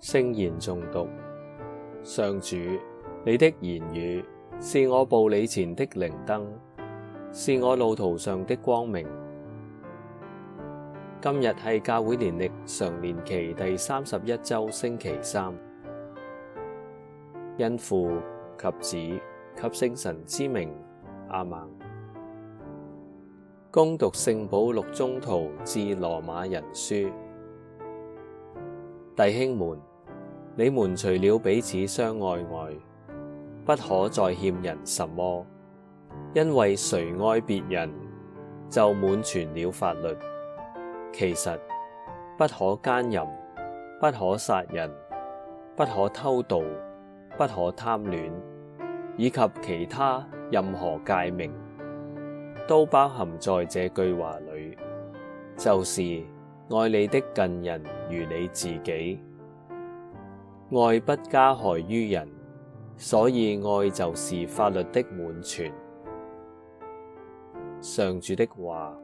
聖言誦讀。上主，你的言語是我步履前的靈燈，是我路途上的光明。今日係教會年曆常年期第三十一周星期三，因父及子及聖神之名，阿門。恭讀聖保祿宗徒致羅馬人書。弟兄們，你們除了彼此相愛外，不可再欠人什麼，因為誰愛別人，就滿全了法律。其實，不可奸淫，不可殺人，不可偷盜，不可貪戀，以及其他任何誡命，都包含在這句話裏，就是。愛你的近人如你自己，愛不加害於人，所以愛就是法律的滿全。上主的話。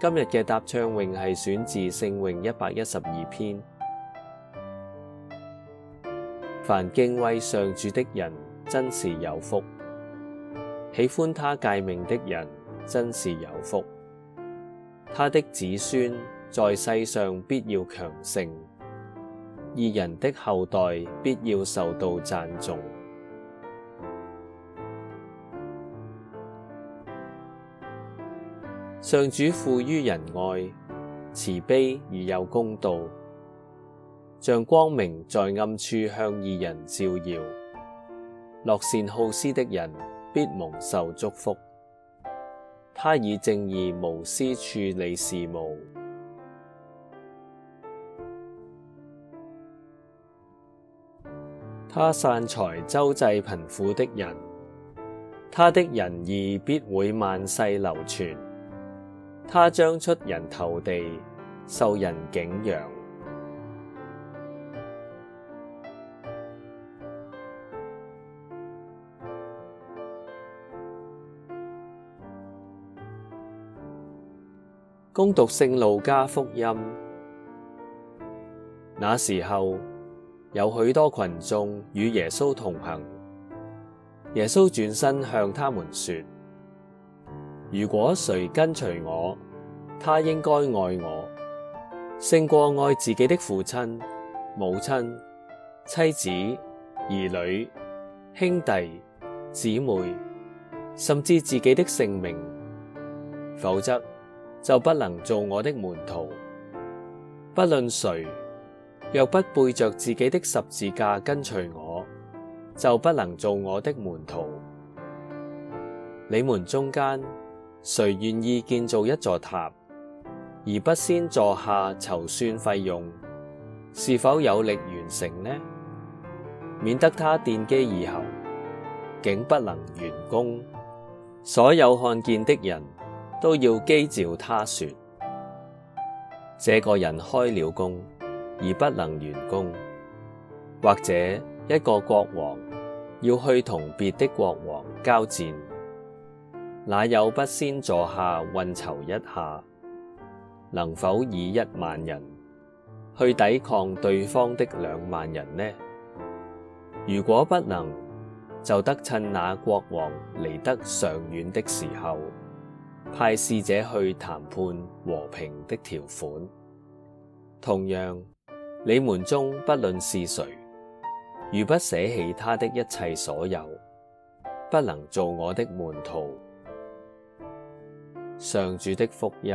今日嘅答唱詠係選自聖詠一百一十二篇。凡敬畏上主的人，真是有福，喜歡他誡命的人，真是有福。他的子孫在世上必要強盛，義人的後代必要受到讚頌。上主富於仁愛、慈悲而又公道。像光明在暗處向義人照耀，樂善好施的人必蒙受祝福。他以正義無私處理事務，他散財周濟貧苦的人，他的仁義必會萬世流傳。他將出人頭地，受人景仰。恭讀《聖路加福音》，那時候有許多群眾與耶穌同行。耶穌轉身向他們說：如果誰跟隨我，他應該愛我，勝過愛自己的父親、母親、妻子、兒女、兄弟、姊妹，甚至自己的性命。否則，就不能做我的門徒。不論誰，若不背着自己的十字架跟隨我，就不能做我的門徒。你們中間誰願意建造一座塔，而不先坐下籌算費用，是否有力完成呢？免得他奠基以後，竟不能完工。所有看見的人。都要譏誚他說，這個人開了工，而不能完工。或者一個國王，要去同別的國王交戰，那有不先坐下運籌一下，能否以一萬人去抵抗對方的兩萬人呢？如果不能，就得趁那國王離得尚遠的時候，派使者去談判和平的條款。同樣，你們中不論是誰，如不捨棄他的一切所有，不能做我的門徒。上主的福音。